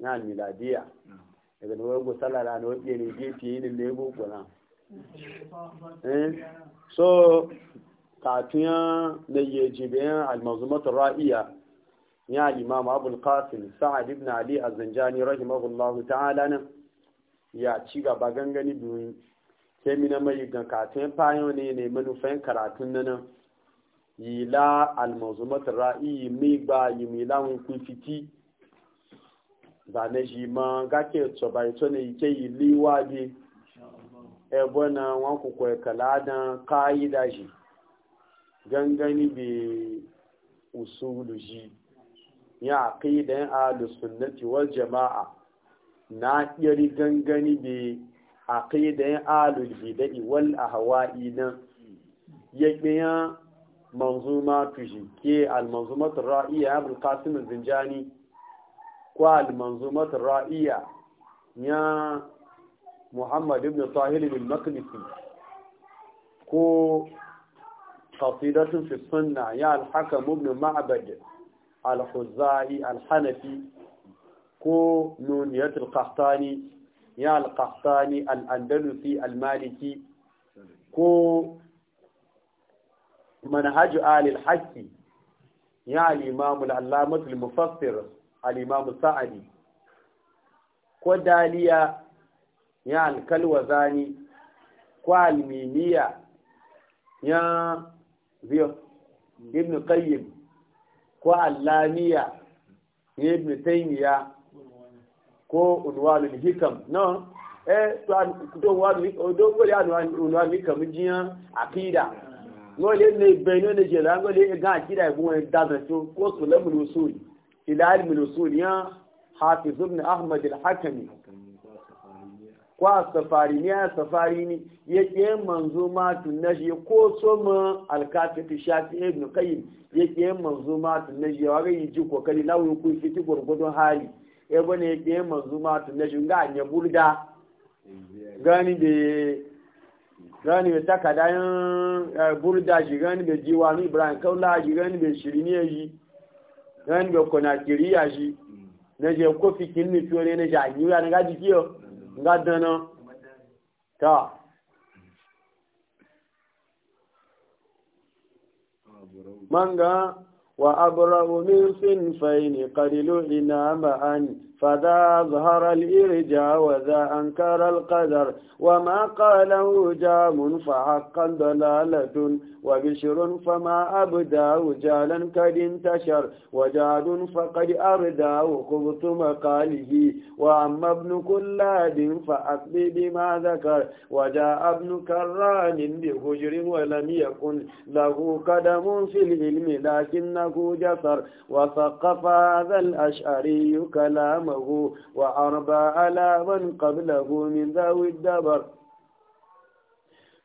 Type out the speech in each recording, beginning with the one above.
na miladiya daga da wago salara na wajen ne gefe yi ne lebo kuna eh? so katiyan na yi jibiyan almazumatar ra'iya ya imam abul qasim sa'ad ibn ali az-zanjani rahimahullahu ta'ala nan ya ci gaba gangani biyu sai mina mai ga katiyan fayo ne ne manufan karatun nan yi la almazumatun ra'iyi mai ba yi mai lawon kun fiti zane shi ma gake tsoba ito ne ike yi liwa bi ebo na wọn kukwai kaladan kayi da shi gangani bi usulu shi ya aqidan ahlus sunnati wal jamaa na yari gangani bi aqidan ahlul bidai wal ahwa'i na yaqiya manzuma tuji ke al ra'iya abul qasim al-zinjani ko al-manzumat ra'iya ya Muhammad ibn Tahir bin Maqdisi ko qasidatun fi sunna ya al-Hakam ibn Ma'bad al-Khuzai al-Hanafi ko Nuniyat al-Qahtani ya al-Qahtani al-Andalusi al-Maliki ko manhaj al-Hakki ya al-Imam al-Allamah al-Mufassir al'imamu sa'adi ko daliya ya alkalwa zani ko alminiya ya biyo ibn qayyim ko allamiya ya ibn taymiya ko unwalul hikam no eh to unwalul do ko ya unwalul hikam jiya aqida ngole ne bayno ne jela ngole ga aqida ko da da ko sulamu usuli ila ilmi usul ya hafiz ibn ahmad al-hakami kwa safari ne safari ne ya ke yake manzuma tunaji ko soma al-katibi shafi ibn qayyim yake manzuma tunaji wa ga yi kokari lawo ku fiti gurgudun hali e bane yake manzuma tunaji ga anya burda gani be gani be takadayan burda ji gani be jiwani ibrahim kaula ji gani be shiriniye ji nan ga kona kiriya shi mm. na je ko fikin ni to ne na ja yiwa na gaji kiyo ga mm. dana ta manga wa abrahu min sinfaini qadilu ina ma'an فذا أظهر الإرجاء وذا أنكر القدر وما قاله جام فحقا دلالة وبشر فما أبدا وجالا قد انتشر وجاد فقد أردا وخبط مقاله وأما ابن كلاد فأقضي بما ذكر وجاء ابن كران بهجر ولم يكن له قدم في العلم لكنه جسر وثقف هذا الأشعري كلام أمامه على من قبله من ذوي الدبر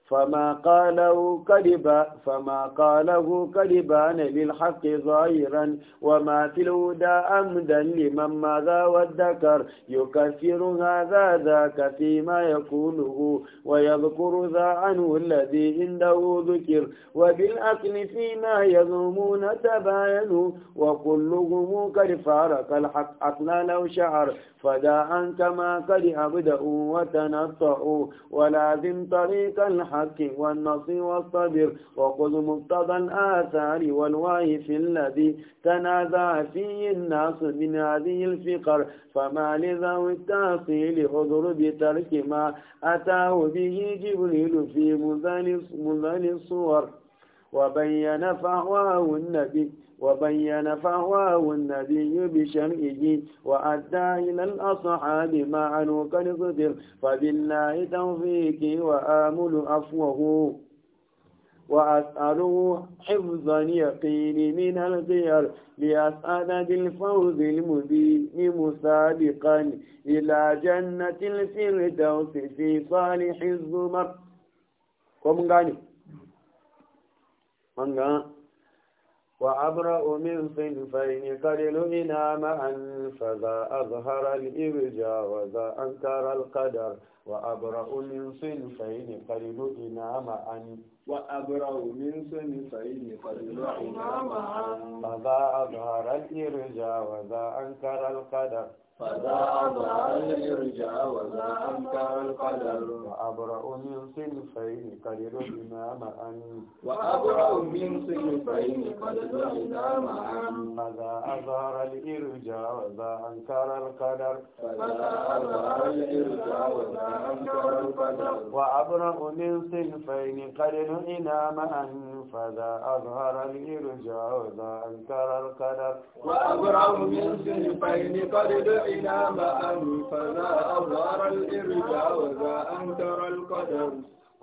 فما قاله كذبا فما قاله كذبان للحق ظاهرا وما في الهدى أمدا لمن ماذا والذكر يكثر هذا ذاك فيما يقوله ويذكر ذا عنه الذي عنده ذكر وبالأكل فيما يظلمون تباينوا وكلهم قد فارق الحق أطلا لو شعر فدا عنك ما قد أبدأوا وتنطعوا ولازم طريق الحق الحق والنص والصبر وخذ مقتضى الآثار والوعي في الذي تنازع فيه الناس من هذه الفقر فما لذوي التأصيل حضر بترك ما أتاه به جبريل في مذل الصور وبين فهواه النبي وبين فهواه النبي بشمئه وأدى إلى الأصحاب ما عنه قد قدر فبالله توفيقي وآمل أفوه وأسأله حفظا يقين من الغير لأسأل بالفوز المبين مسابقا إلى جنة الفردوس في صالح الزمر ومن قاني من قاني وأبرأ من صنفين قد لمنا معا فذا أظهر الإرجاء وذا أنكر القدر وأبرأ من صنفين قد لمنا معا وأبرأ من صنفين قد لمنا معا فذا أظهر الإرجاء وذا أنكر القدر فذا أظهر الإرجاء وذا القدر وأبرأ من صنفين قد رحم معا وأبرأ من صنفين قد رحم معا فذا أظهر الإرجاء وذا أنكر القدر فذا أظهر الإرجاء وذا أنكر القدر وأبرأ من صنفين قد رحم معا فذا أظهر الإرجاع ذا أنكر القدر وأبرع من سنفين قد دعنا معا فذا أظهر الإرجاع ذا أنكر القدر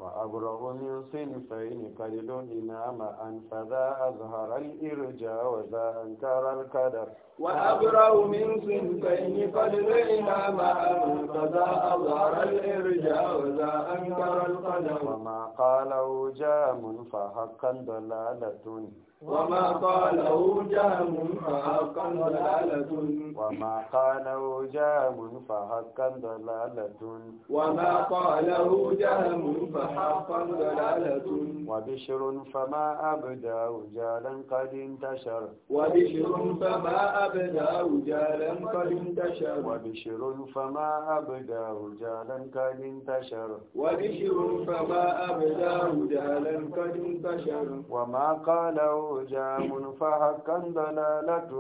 وأبرغ من صنفين قد لهما أن فذا أظهر الإرجاء وذا أنكر القدر وأبرأ من صنفين قلل لهما معا فذا أظهر الإرجاء وذا أنكر القدر وما قاله جام فحقا ضلالة وما قاله جام فحقا ضلالة وما قاله جام فحقا ضلالة وما قاله جام فحقا حقا دلالة وبشر فما أبدى وجالا قد انتشر وبشر فما أبدى وجالا قد انتشر وبشر فما أبدى وجالا قد انتشر وبشر فما أبدى وجالا قد انتشر وما قال وجام فحقا ضلالة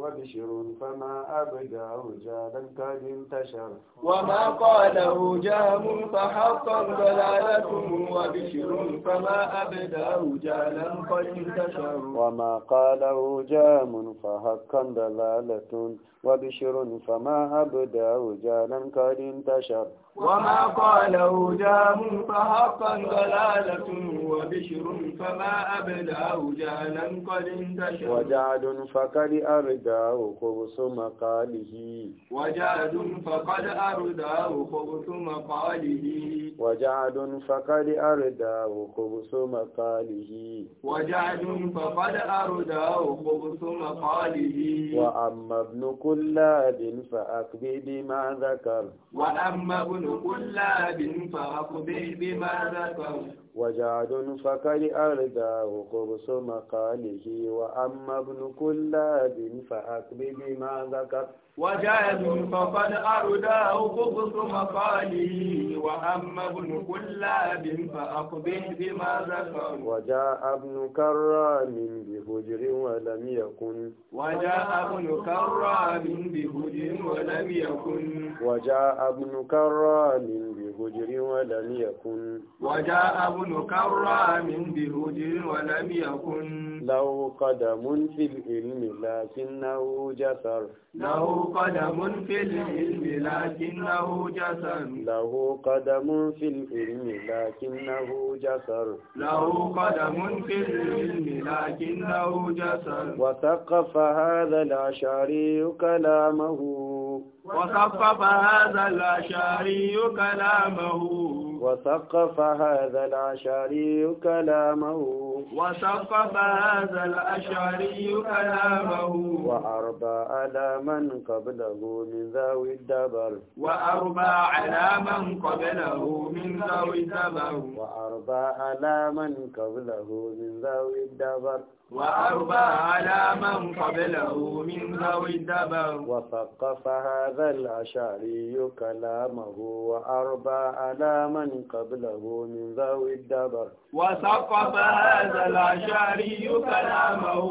وبشر فما أبدى وجالا قد انتشر وما قاله جام فحقا ضلالة وما قاله جام فهكا دلالة وبشر فما أبدى وجالا قد انتشر وما قاله جام فحقا ضلالة وبشر فما أبدى وجالا قد انتشر وجعد فقد أرداه خبث مقاله وجعد فقد أرداه خبث مقاله وجعد فقد أرداه خبث مقاله وجعد فقد أرداه خبث مقاله وأما ابن كل كلاب فأقضي بما ذكر وأما ابن كلاب فأقضي بما ذكر وجعد فقد أرداه قرص مقاله وأما ابن كلاب فأقضي بما ذكر وجاد فقد أرداه قبص مقاله وأما ابن كلاب فأقبل بما ذكر وجاء ابن كرام بهجر ولم يكن وجاء ابن كرام بهجر ولم يكن وجاء ابن كرام بهجر ولم يكن وجاء ابن كرام بهجر ولم يكن له قدم في العلم لكنه جسر له قدم في العلم لكنه جسر له قدم في العلم لكنه جسر له قدم في العلم لكنه جسر وثقف هذا العشاري كلامه وثقف هذا الأشعري كلامه وثقف هذا الأشعري كلامه وثقف هذا الأشعري كلامه وأربى على من قبله من ذوي الدبر وأربى على من قبله من ذوي الدبر وأربى على من قبله من ذوي الدبر وأربى على من قبله من ذوي الدبر وثقف هذا الأشعري كلامه وأربى على من قبله من ذوي الدبر وثقف هذا الأشعري كلامه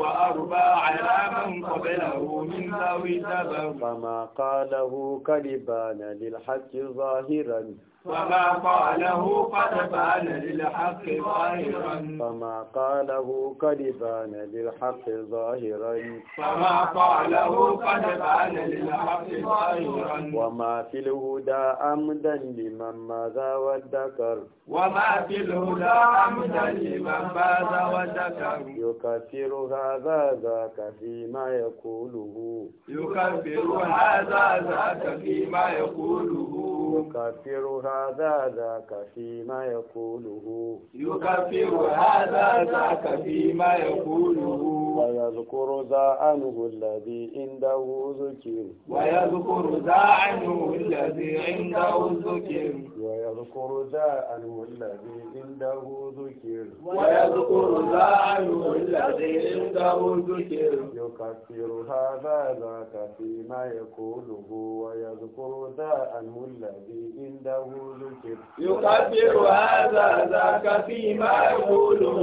وأربى على من قبله من ذوي الدبر فما قاله كلبان للحق ظاهرا وما قاله قد بان للحق ظاهرا فما قاله قد بان للحق ظاهرا فما قاله قد بان للحق ظاهرا وما في الهدى أمدا لمن ماذا وذكر وما في الهدى أمدا لمن ماذا وذكر يكفر هذا ذاك فيما يقوله يكفر هذا ذاك فيما يقوله يكفر هذا هذا ذاك فيما يقوله يكفر هذا ذاك فيما يقوله ويذكر ذا عنه الذي عنده ذكر ويذكر ذا عنه الذي عنده ذكر ويذكر ذا عنه الذي عنده ذكر يكثر الله الذي هذا ذاك فيما يقوله ويذكر ذا عنه الذي عنده ذكر يكثر هذا ذاك فيما يقوله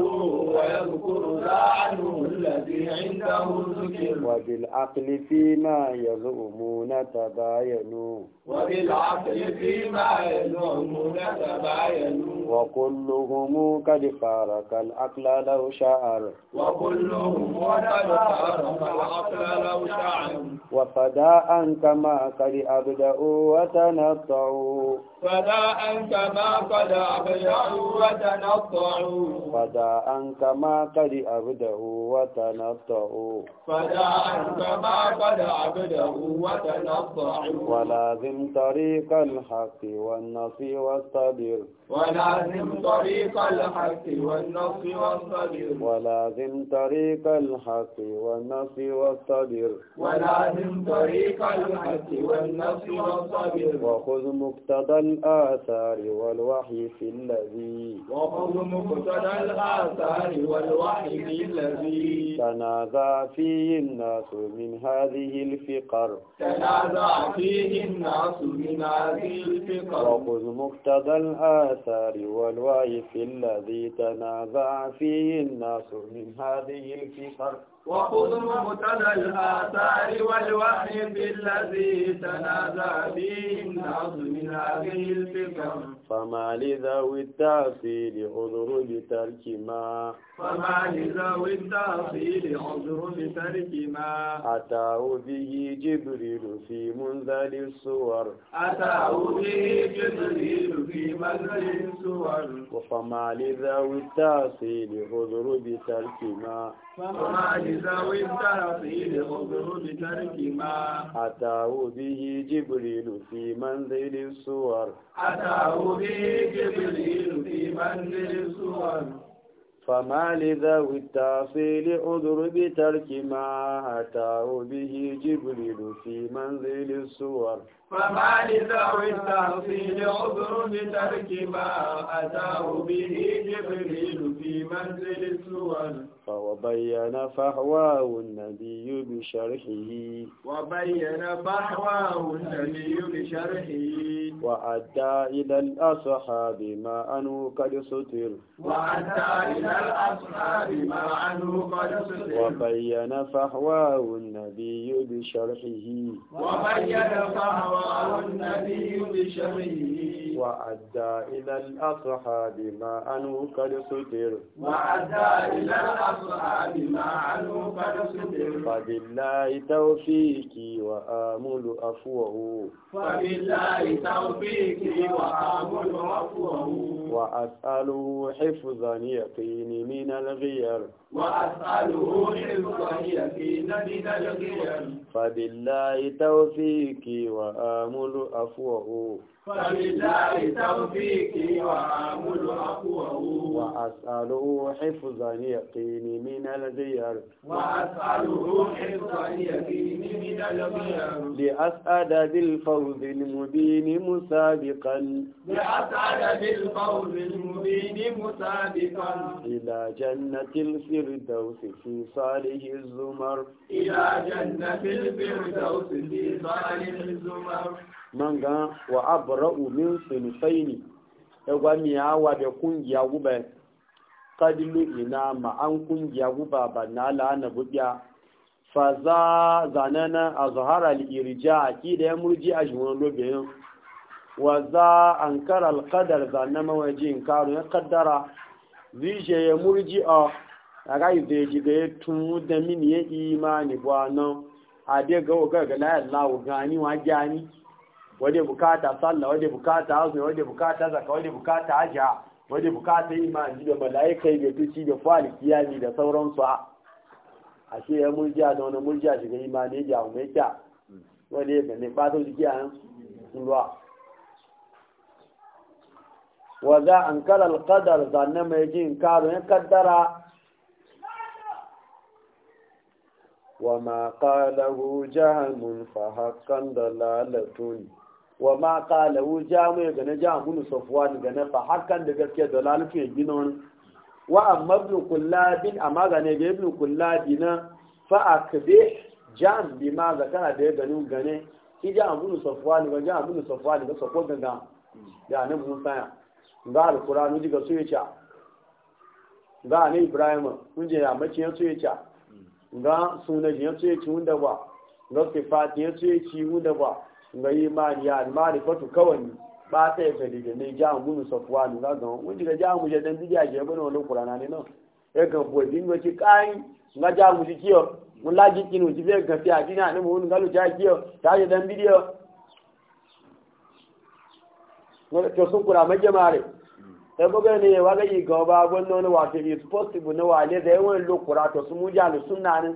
ويذكر ذا عنه الذي عنده ذكر وبالعقل فيما يزعمون تباينوا وبالعقل فيما يزعمون تباينوا وكلهم قد فارق العقل لو شعر وكلهم ولد العقل لو شعر وفداء كما قد أبدأوا وتنطعوا فلا أنت ما قد أبدعه وتنطعه فلا أنت ما قد أبدعه وتنطعه فلا أنت ما قد أبدعوا وتنطعوا ولازم طريق الحق والنص والصبر ولازم طريق الحق والنص والصبر ولازم طريق الحق والنص والصبر ولازم طريق الحق والنص والصبر وخذ مقتضى الآثار والوحي في الذي وقض مقتدى الآثار والوحي في الذي تنازع فيه الناس من هذه الفقر تنازع فيه الناس من هذه الفقر وخذ مقتدى الآثار والوحي في الذي تنازع فيه الناس من هذه الفقر وخذ مقتضى الآثار والوحي بالذي تنازع به من من هذه الفكر فما لذوي التأصيل عذر بترك ما فما لذوي التأصيل عذر بترك ما أتاه به جبريل في منزل الصور أتاه به جبريل في منزل الصور وفما لذوي التأصيل عذر بترك ما فما أجزاء الترفيه خبر بترك ما أتاه به جبريل في منزل الصور أتاه به جبريل في منزل الصور فما لذوي التعصيل عذر بترك ما أتاه به جبريل في منزل الصور فما لذوي التعصيل عذر لترك ما أتاه به جبريل في منزل السور وبين فحواه النبي بشرحه وبين فحواه النبي بشرحه وأدى إلى الأصحاب ما أنو قد ستر وأدى إلى الأصحاب ما أنو قد ستر وبين فحواه النبي بشرحه وبين فحواه النبي بشره وأدى إلى الأصحاب ما أنو قد ستر وأدى إلى الأصحاب ما أنو قد ستر فبالله توفيقي وآمل أفوه فبالله توفيقي وآمل أفوه وأسأله حفظا يقيني من الغير وأسأله حفظا يقينا بتلقيا فبالله توفيقي وآمل أفوه فلله توفيقي وأعمل عفوه وأسأله حفظا يقيني من الغير وأسأله حفظا يقيني من الغير لأسعد بالفوز المبين مسابقا لأسعد بالفوز المبين مسابقا إلى جنة الفردوس في صالح الزمر إلى جنة الفردوس في صالح الزمر manga wa abra'u min sunfaini ya gwami ya wa da kungiya guba kadilu ina ma an kungiya guba ba na la'ana buɗiya fa za zanana a zahara al'irja a ki da ya murji a jiwon lobeyin wa za an kara alkadar zanen mawajin karo ya kaddara zije ya murji a a ga zai ji ya tunu da mini ya imani ba nan a dai ga ga ga la'ayar lawo gani wa gani wadda bukata sallah wadda bukata azumi wadda bukata zaka wadda bukata hajja wadda bukata imani da mala'ikai da tuci da fali kiyami da sauransu a ashe ya murja da wani murja shiga imani ya mai kya wadda ya bane ba ta jiki a ruwa wa za an kala alkadar zanne mai jin karo ya kaddara mun قاله جهم فحقا دلالة wa ma qala wu jamu ga na jamu safwan ga na fa hakan da gaskiya dalalatu ya gina wani wa amma bi, kullabin amma ga ne ga ibn na fa akbi jam bi ma zakara da ya gani gane ki nu safwan ga nu safwan ga safwan ga ya ne mun saya ga alqur'ani diga su yace ga ne ibrahim mun je ya mace su yace ga sunan ya su yace wanda ba ga sifati ya su yace wanda ba ngai imani ya almarifatu kawani ba ta yi fadida ne ja mun safuwa ne ga gan wani ga ja mu je dan bidiya je bane wannan qur'ana ne no e ga ko din wa ci kai nga ja mu ji kiyo mun la ji kinu ji be ga fi adina ne mun ga lu ja kiyo ta je dan bidiyo ne to sun kura ma jama'are e boga ne wa ga yi ga ba wannan wa ke is possible na wa le da yawan lokura to su mu ja lu sunna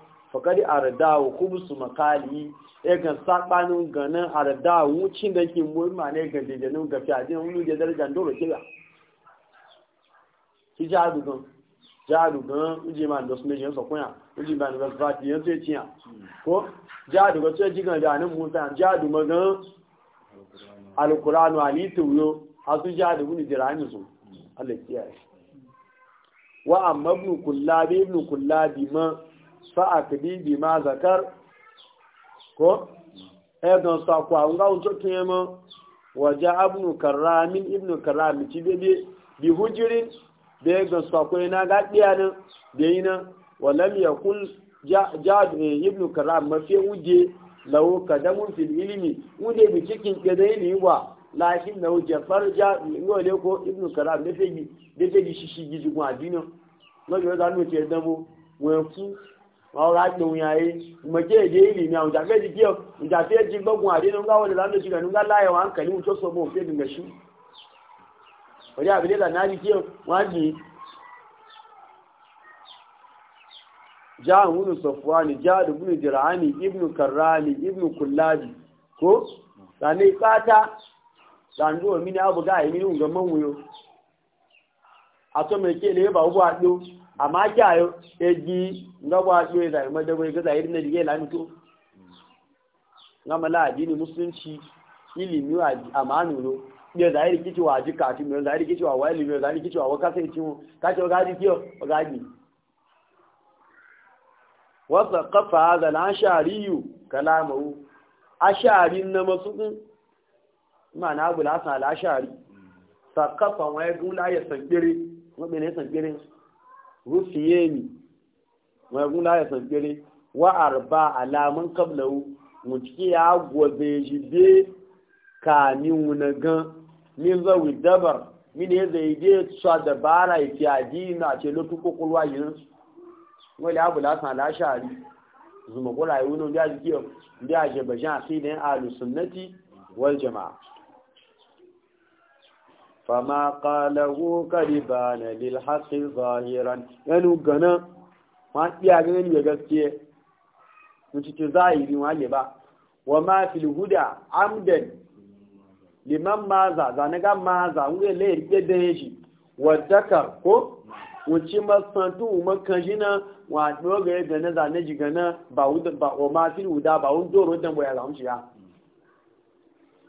fakari ko musu makali e ga sabanin ganin ardawo cin da ke mu ma ne ga dejenin ga fiadin wani ga daraja dole kiya ki ja dugan ja dugan uje ma dos meje so kunya uje ma dos fati yan sai ciya ko ja dugan sai jigan da nan mun san ja du magan alquranu ali tuyo asu ja dugun dirani su Allah kiyaye wa amma ibn kullabi ibn kullabi ma sa'akdi bi ma zakar ko edon eh, sa ku an ga unto kiyama waja ibn karram ibn karram ci bebe bi hujirin da ya gansu ko na ga diyanin da yi nan walam yakul jad eh, ibn karram mafi uje lawo kadamun fil ilmi uje bi cikin ke da ilmi wa lakin na ja farja ngole ko ibn karram da fegi da fegi shishi gizi ko adina ngole da no ce dabo wa fu wọ́n rà gbòhun ayé ìmọ̀jẹ́ èdè ìlì ni àwọn ìjàfẹ́ ti kí ọ ìjàfẹ́ ti gbọ́gun àdé ní ńgá wọlé lánàá ìṣúgbẹ̀ ńgá láyé wọn kẹ̀lé ìwúntó sọ mọ́ òfin ìgbẹ̀ ṣú àbílẹ̀ lànà ti wọ́n á já àwọn olùsọ̀fọ́ni já àdùgbùnù jìràánì ibnu karani, ibnu kullabi ko lànà ìpátá lànà òmìnira àbùgá àìmínú ìgbẹ̀mọ́wòyó àtọ́mẹ̀kẹ́ lè bà ó bọ́ àdó amma kyayo egi ngaba doye da mai da bai ga zahiri na dige la mito ngama la addini musulunci ilimi wa amanu no ne zahiri kici wa jika ti ne zahiri kici wa wali ne zahiri kici wa kasa ti mu ka ce ga di kiyo ga di wa saqafa hadha al-ashari kalamahu ashari na masu ma'ana abu la sa al-ashari saqafa wa ya la ya sankire wa ne sankire rufiyeni mai guna ya sanfiri wa arba alamun kablawu mu ciki ya gobe shi be ni wuna gan min zawi dabar min ya zai dai tsa dabara ya fi adina a ce lokacin yi yin wani abu lasan shari zuma kula yi wunan biya jikiyar da azerbaijan sai da yin alusunnati wal jama'a فما قاله قد بان للحق ظاهرا يعني غنا ما iya ganin ya gaskiye mutu ce zahiri wale ba wa ma fil huda amdan liman maza zane ga maza wuri le rike da yaji wa zakar ko wuci masantu makan jina wa doga ya gana zane ji gana ba wa ma fil huda ba wun doro dan boya zamu shi ya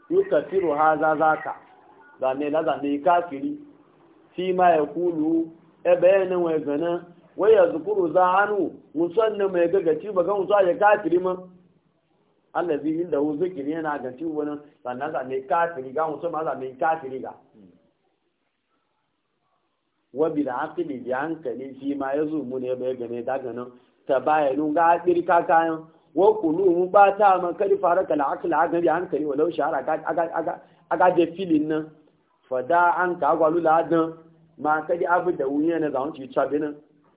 yukafiru haza ka. zane na zane kafiri ma ya kulu ebe yana wai gana wai ya zukuru za hannu musannin mai gagaci ba ga musa ya kafiri ma Allah inda zikiri yana gaci wani sannan zane kafiri ga musa ma zane kafiri ga wabi da hankali da hankali fi ma ya mun ne gane daga nan ta ga ɗirka kayan ba ta bi walau aga aga aga filin nan fada an ka la ladan ma ka di abu da wuya na zaun ci tsabe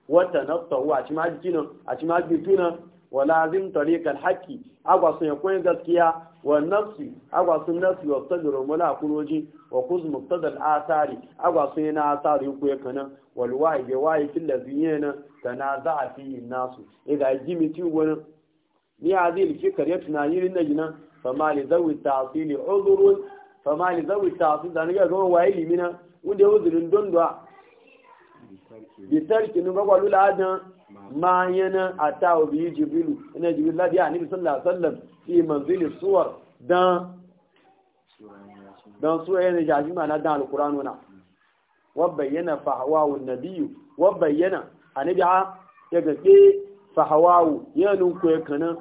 wata na tsawo a cima jiki nan a cima jiki nan wa lazim tariqal haqqi agwa sun yakun gaskiya wa nafsi agwa sun nafsi wa tadru mala kunoji wa kuz al athari agwa sun yana athari ku yakana wal wa'i bi wa'i fil ladina tanaza'a fi nasu idan jimi ti wani ni azil fikar ya tunanin najina fa mali zawi ta'til udhrun fama ni zawi ta su da ga gama waye limina wanda ya wuzurin don da bitarki nun lula adan ma yana ata wa ina jibrilu lafiya a nabi sallallahu alaihi wasallam suwar dan dan suwa yana jaji na dan alqur'anu wa bayyana fahawawu nabiyyu wa bayyana a ya gaske fahawawu yanun ko kana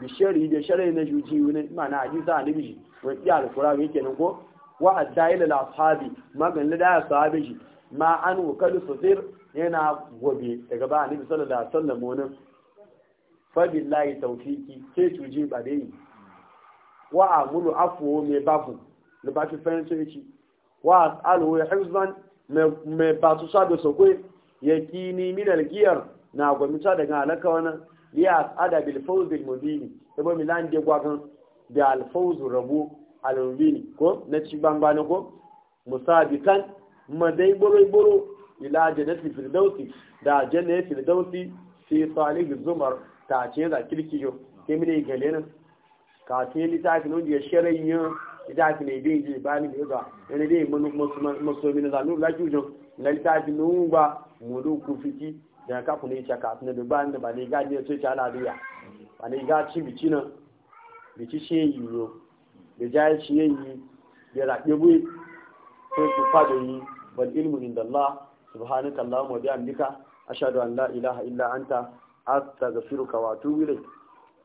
bishari da sharai na juji ne ma'ana hadisi annabi wani alkur'ani yake nan ko wa adda ila ashabi magan da ashabi shi ma an wukal sufir yana gobe daga ba annabi sallallahu alaihi wasallam wani fa billahi tawfiki ke tuji ba dai wa amulu afwo me babu da ba ta fahimta yake wa alu hifzan me ba su sabe sokwe yakini minal giyar na gwamnati daga alaka wani ya asada bil fawz bil mubin ibo milan je gwagan da alfawzu rabu alrubini ko na ci bambana ko musabitan madai boro-boro ila jannatin firdausi da jannatin firdausi sai salihu zumar ta ce za kirki yau sai mune gale nan ka ce littafin wanda ya shirin ida ki ne dai ji ba ni ga ne dai masomi na zanu laki jo na ji nun ba mulu ku fiki da ka ku yi shaka na da ba ni ba ne gaji ya ce ta al'adiyya ba ne ga ci bici nan da ci ṣe yìí o da já ṣe yìí da raɓe bu ko su fada yi wal ilmu inda Allah subhanaka Allahumma bi amdika ashhadu an la ilaha illa anta astaghfiruka wa atubu ilayk